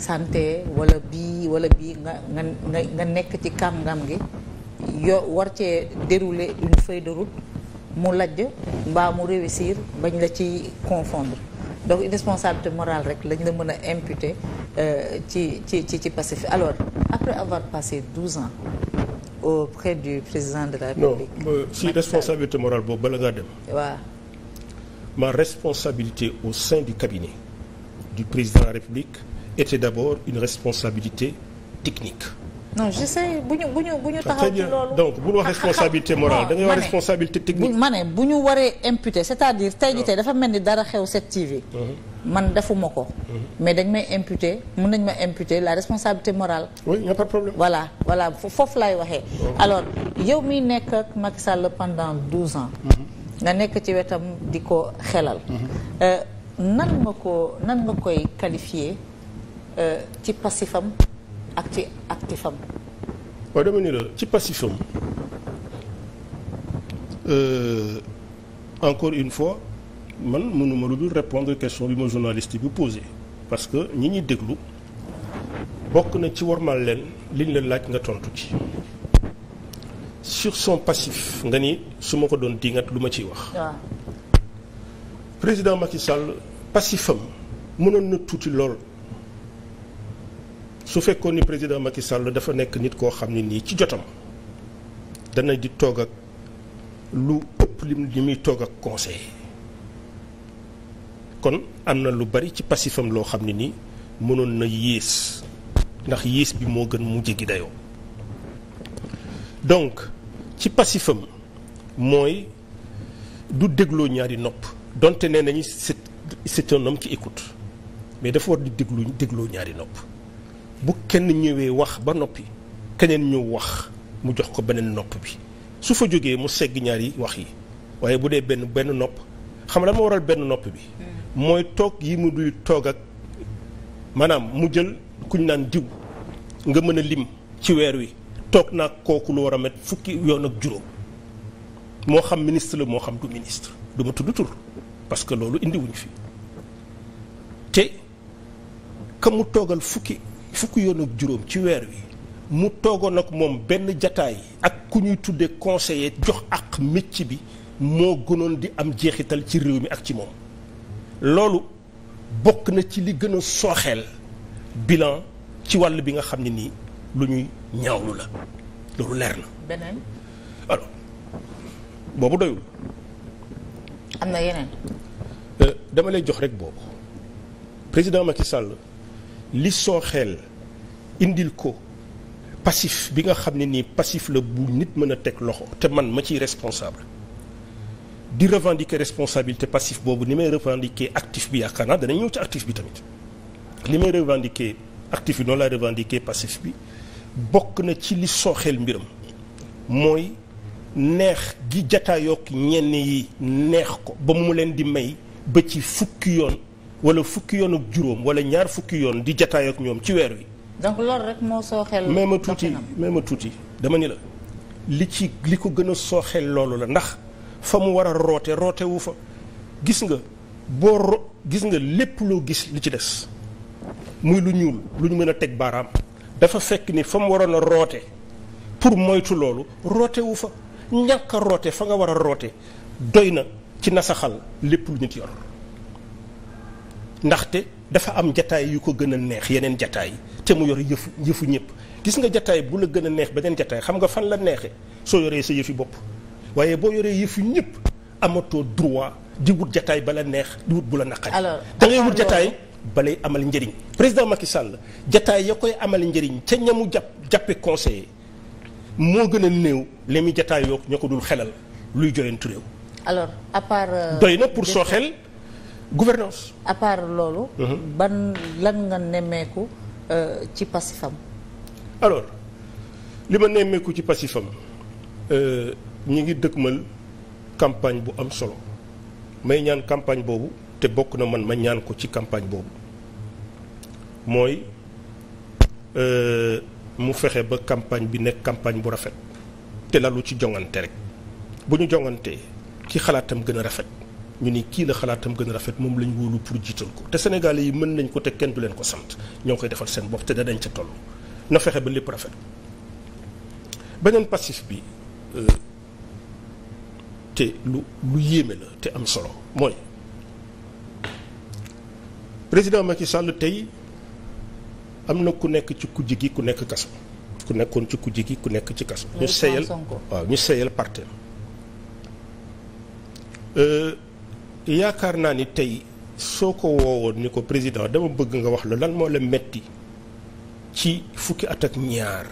santé wala bii wala bii nga nga nekk ci kàmgam gi yow war cee dérouler une feuille de route mu lajj mbaa mu réussir bañ la ci confondre donc une responsabilité morale rek lañ la mën a imputer euh, ci ci ci ci Pastef alors après avoir passé douze ans auprès du président de la République non euh, si responsabilité morale boobu bala ngaa dem waaw ma responsabilité au sein du cabinet du président la République était d'abord une responsabilité technique. non je sais bu ñu bu ñu bu ñu ah, taxaw ci loolu donc bu ñu wax ah, responsabilité ah, morale da ngay wax responsabilité technique. ni dara xew 7TV. Uh-huh. man defuma ko. Uh-huh. mais dañ may imputer mën nañ ma imputer la responsabilité morale. oui y a pas de problème. voilà voilà foofu laay waxee. alors yow miy nekk ak Macky pendant 12 ans. Uh-huh. nga nekk ci wetam di ko xelal. Euh, nan nga ko nan nga koy qualifier. Euh, ci passifam ak ci actifam waaw dama ni la ci passifam euh, encore une fois man mënuma lu bi répondre question bi ma journaliste bi posé parce que ñi ñuy déglu bokk na ci warmal leen liñ la laaj nga tontu ci sur son passif nga ni su ma ko doon dingat lu ma ciy wax président Macky Sall passifam mënoon na tuuti lool su fekkoon ni président Macky Sall dafa nekk nit koo xam ne nii ci jotam dana di toog ak lu ëpp lim li muy toog ak conseil kon am na lu bari ci passifam loo xam ne nii mënoon na yées ndax yées bi moo gën mu jéggi dayoo donc ci passifam mooy du dégloo ñaari nopp donte nee nañu c'est c'est un écoute mais dafa war di déglu dégloo ñaari nopp bu kenn ñëwee wax ba noppi keneen ñëw wax mu jox ko beneen nopp bi su fa jógee mu segg ñaari wax yi waaye bu dee benn benn nopp xam lan moo waral benn nopp bi hmm. mooy toog yi mu duy toog ak maanaam mu jël kuñ naan diw nga mën a lim ci weer wi toog naa kooku lu war a met fukki yoon ak juróom moo xam ministre la moo xam du ministre du ma tudd tur parce que loolu indiwuñu fi te ka mu toogal fukki fukk yoon ak juróom ci weer wi mu toogoon ak moom benn jataay ak ku ñuy tuddee conseiller jox ak métier bi moo gënoon di am jeexital ci réew mi ak ci moom loolu bokk na ci li gën a sooxeel bilan ci wàll bi nga xam ni nii lu ñuy ñaawlu la loolu leer na. beneen. alors boobu doyul. am na yeneen. Euh, dama lay jox rek boobu président Macky Sall. li sooxeel indil ko passif bi nga xam ne nii passif la bu nit mën a teg loxo te man ma ciy responsable di revendiquer responsabilité passif boobu ni may revendiquer actif bi yaakaar naa dana ñëw ci actif bi tamit li may revendiquer actif bi noonu laay revendiquer passif bi bokk na ci li sooxeel mbiram mooy neex gi jataayook ñenn yi neex ko ba mu leen di may ba ci fukki yoon wala fukki yoon ak juróom wala ñaar fukki yoon di jataay ak ñoom ci weer wi. donc loolu rek moo sooxeel. mais ma tuuti mais ma tuuti dama ni la li ci li ko gën a sooxeel loolu la ndax fa mu war a roote rootewu fa gis nga boo ro gis nga lépp loo gis li ci des muy lu ñuul lu ñu mën a teg baaraam dafa fekk ni fa mu waroon a roote pour moytu loolu roote wu fa ñàkk roote fa nga war a roote doy na ci nasaxal lépp lu ñu ci yor. ndaxte dafa am jataay yu ko gën a neex yeneen jataay te mu yore yëfu yëfu ñëpp gis nga jataay bu la gën a neex beneen jataay xam nga fan la neexee soo yoree sa yëfi bopp waaye boo yoree yëfu ñëpp amatoo droit di wut jataay la neex di wut bu la naqari da ngay wut jataay lay amal njëriñ président Macky Sall jataay ya koy amal njariñ ca ñamu jàpp jàppe conseiller moo gën a néew li muy jataay yoo ña ko dul xelal luy joyantu réew alors à part euh, doy na pour soo xel gouvernance à loolu. Mhm. ba lan nga nemmeeku euh, ci pasifam alors li ma nemmeeku ci pasifam euh, ñi ngi dëkkmal campagne bu am solo may ñaan campagne boobu te bokk na man ma ñaan ko ci campagne boobu mooy euh, mu fexe ba campagne bi nekk campagne bu rafet te lalu ci jongante rek bu ñu jongantee ki xalaatam gën a rafet. ñu ni kii la xalaatam gën a rafet moom lañ wóolu pour jiital ko te sénégalais yi mën nañ ko te kenn du leen ko sant ñoo koy defal seen bopp te danañ ca toll na fexe ba lépp rafet beneen passif bi euh, te lu lu yéeme la te am solo mooy président Macky Sall tey am na ku nekk ci kujje gi ku nekk kaso ku nekkoon ci kujje gi ku nekk ci kaso ñu seyal waaw ñu seyal parteem euh, yaakaar naa ni tey soo ko woowoon ni ko président dama bëgg nga wax la lan moo la metti ci fukki at ak ñaar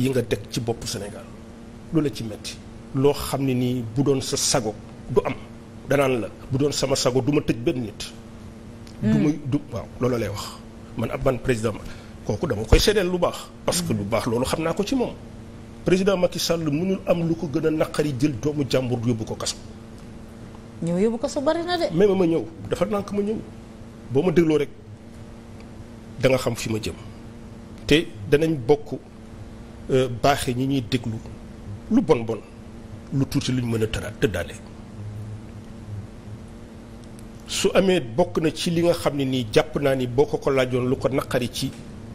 yi nga teg ci boppu Sénégal lu la ci metti loo xam ne nii bu doon sa sago du am danaan la bu doon sama sago duma tëj benn nit mm. du muy du waaw loolu lay wax man ab man président kooku dama koy seddeel lu baax parce que mm. lu baax loolu xam naa ko ci moom président Macky Sall mënul am lu ko gën a naqari jël doomu jàmbur yóbbu ko kaso ñëw yóbbu ko sa bari na mais ma ñëw dafa nànk ma ñëw boo ma dégloo rek danga xam fi ma jëm te danañ bokk euh, baaxe ñi ñuy déglu lu bon bon lu tuuti luñ mën a tëraat tëddaale. su amee bokk na ci li nga xam ne nii jàpp naa ni boo ko ko laajoon lu ko naqari ci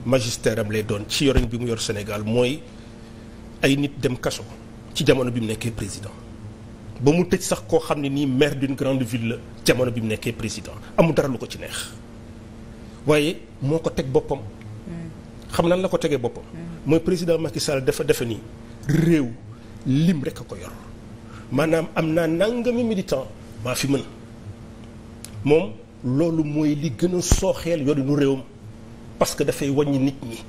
magistère am lay doon ci yorin bi mu yor Sénégal mooy ay nit dem kaso ci jamono bi mu nekkee président. ba mu tëj sax koo xam ne nii maire d'une grande ville la jamono bi mu nekkee président amul dara lu ko ci neex waaye moo ko teg boppam. xam nan la ko tegee boppam. mooy président Macky Sall dafa defe nii réew lim rek a ko yor maanaam am naa nangami militant maa fi mën moom loolu mooy li gën a sooxeel yorinu réewam parce que dafay wàññi nit ñi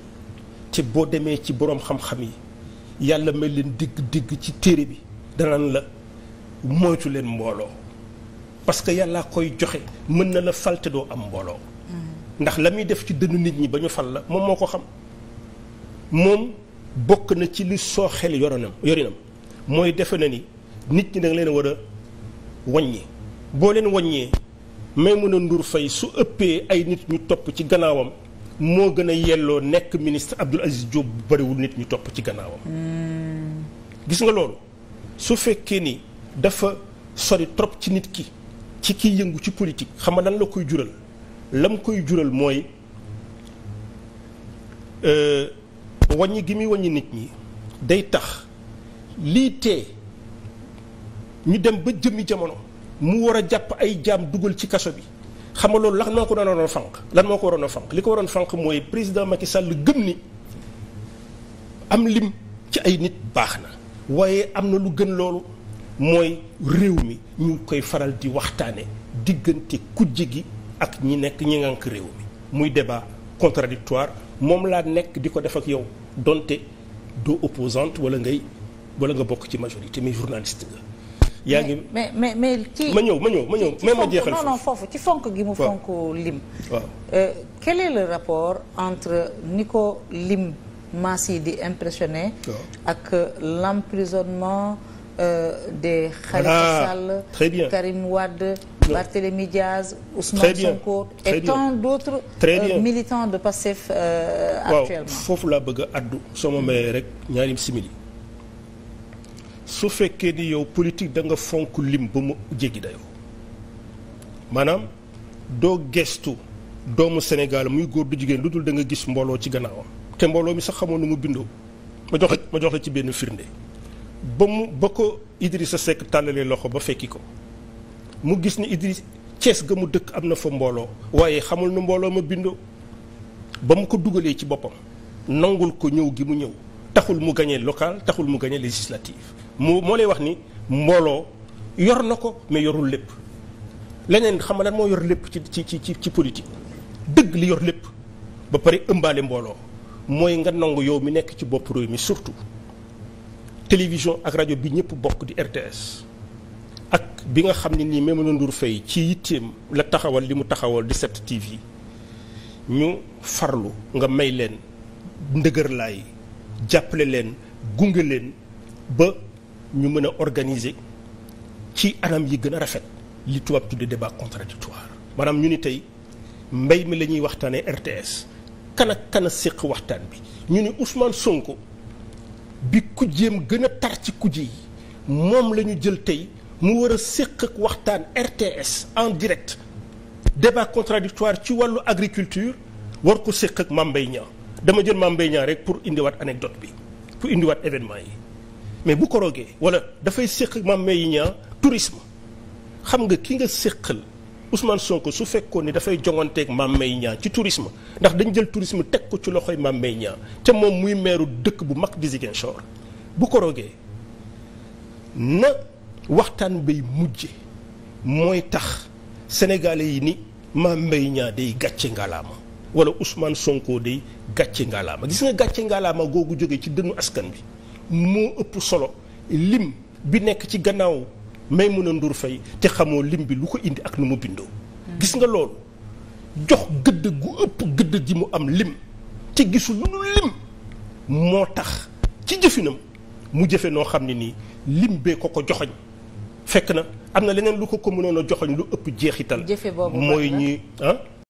ci boo demee ci boroom xam-xam yi yàlla may leen digg-digg ci téere bi danaan la. moytu leen mbooloo parce que yàlla koy joxe mën na la fal doo am mbooloo. ndax la muy def ci dënnu nit ñi ba ñu fal la moom moo ko xam moom bokk na ci li soo xel yorinam yorinam mooy defe na ni nit ñi da leen war a wàññi. boo leen waññee may mun a ndur fay su ëppee ay nit ñu topp ci gannaawam moo gën a yelloo nekk ministre Abdoul Aziz Diop bëriwul nit ñu topp ci gannaawam. Hmm. gis nga loolu su fekkee ni. dafa sori trop ci nit ki ci kiy yëngu ci politique xam nga nan la koy jural lam koy jural mooy euh, wàññi gi muy wàññi nit ñi day tax lii tee ñu dem ba jëmmi jamono mu war a jàpp ay jaam dugal ci kaso bi xam nga loolu lan moo ko waroon a fànq lan moo ko waroon a fànq li ko waroon fànq mooy président Macky Sall gëm ni am lim ci ay nit baax na waaye am na lu gën loolu mooy réew mi ñu koy faral di waxtaane diggante kujje gi ak ñi nekk ñi ngànk réew mi muy débat contradictoire moom laa nekk di ko def ak yow donte doo opposante wala ngay wala nga bokk ci majorité mais journaliste nga yaa ngi mais mais mais ci ma ñëw ma ñëw ma ñëw même ma jeexal non non foofu ci fonk gi mu fonk lim waaw euh, quel est le rapport entre ni ko lim maas yi di impressionné ak l'emprisonnement Euh, des Khalifa Sall. très bien Karim Wade. Barthélémy Diaz Ousmane Sonko euh, de Pastef euh, actuellement waaw foofu laa bëgg a addu soo ma mm. mayee rek ñaari simili su fekkee di yow politique da nga fonk lim ba mu jéggi dayoo maanaam doo gestu doomu Sénégal muy góor du jigéen lu dul da nga gis mbooloo ci gannaawam te mbooloo mi sax xamoon nu mu bindoo ma jox ma jox la ci benn firnde ba mu ba ko Idrissa Seck tàllalee loxo ba fekki ko mu gis ni Idriss Cees ga mu dëkk am na fa mbooloo waaye xamul na mbooloo ma bindoo ba mu ko dugalee ci boppam nangul ko ñëw gi mu ñëw taxul mu gañee local taxul mu gañee législative mu moo lay wax ni mbooloo yor na ko mais yorul lépp leneen xam nga lan moo yor lépp ci ci ci ci politique dëgg li yor lépp ba pare ëmbaale mbooloo mooy nga nangu yow mi nekk ci bopp réew mi surtout télévision ak rajo bi ñëpp bokk di RTS ak bi nga xam ne nii Maimouna Ndour Faye ci yitteem la taxawal li mu taxawal di 7 TV ñu farlu nga may leen ndëgërlaay jàppale leen gunge leen ba ñu mën a organiser ci anam yi gën a rafet li tubaab tudde débat contradictoire maanaam ñu ni tey mbay mi la ñuy waxtaanee RTS kan ak séq waxtaan bi ñu ni Ousmane Sonko. bi kujjeem gën a tar ci kujje yi moom la ñu jël tey mu war a séq ak waxtaan RTS en direct débat contradictoire ci wàllu agriculture war ko séq ak Mame Mbaye Niang dama jël Mame Mbaye Niang rek pour indiwaat anecdote bi pour indiwaat événement yi mais bu ko roogee wala dafay séq ak Mame Mbaye tourisme xam nga ki nga séqal Ousmane Sonko su fekkoon ni dafay jonganteeg Mame may Niang ci tourisme ndax dañ jël tourisme teg ko ci loxo yi maam Mbaye Niang te moom muy meeru dëkk bu mag di Ziguinchor bu ko rogee na waxtaan bay mujje mooy tax sénégalais yi ni Mame may Niang day gàcce ngalaama wala Ousmane Sonko day gàcce ngalaama gis nga gàcce ngalaama googu jóge ci dënnu askan bi moo ëpp solo lim bi nekk ci gannaaw Maïmouna Ndour Faye te xamoo lim bi lu ko indi ak nu mu bindoo. gis nga loolu jox gëdd gu ëpp gëdd ji mu am lim te gisul lu nu lim moo tax ci jëfinam mu jëfe noo xam ne nii lim bee ko ko joxoñ fekk na am na leneen lu ko ko mënoon a joxoñ lu ëpp jeexital. mooy ñi ah?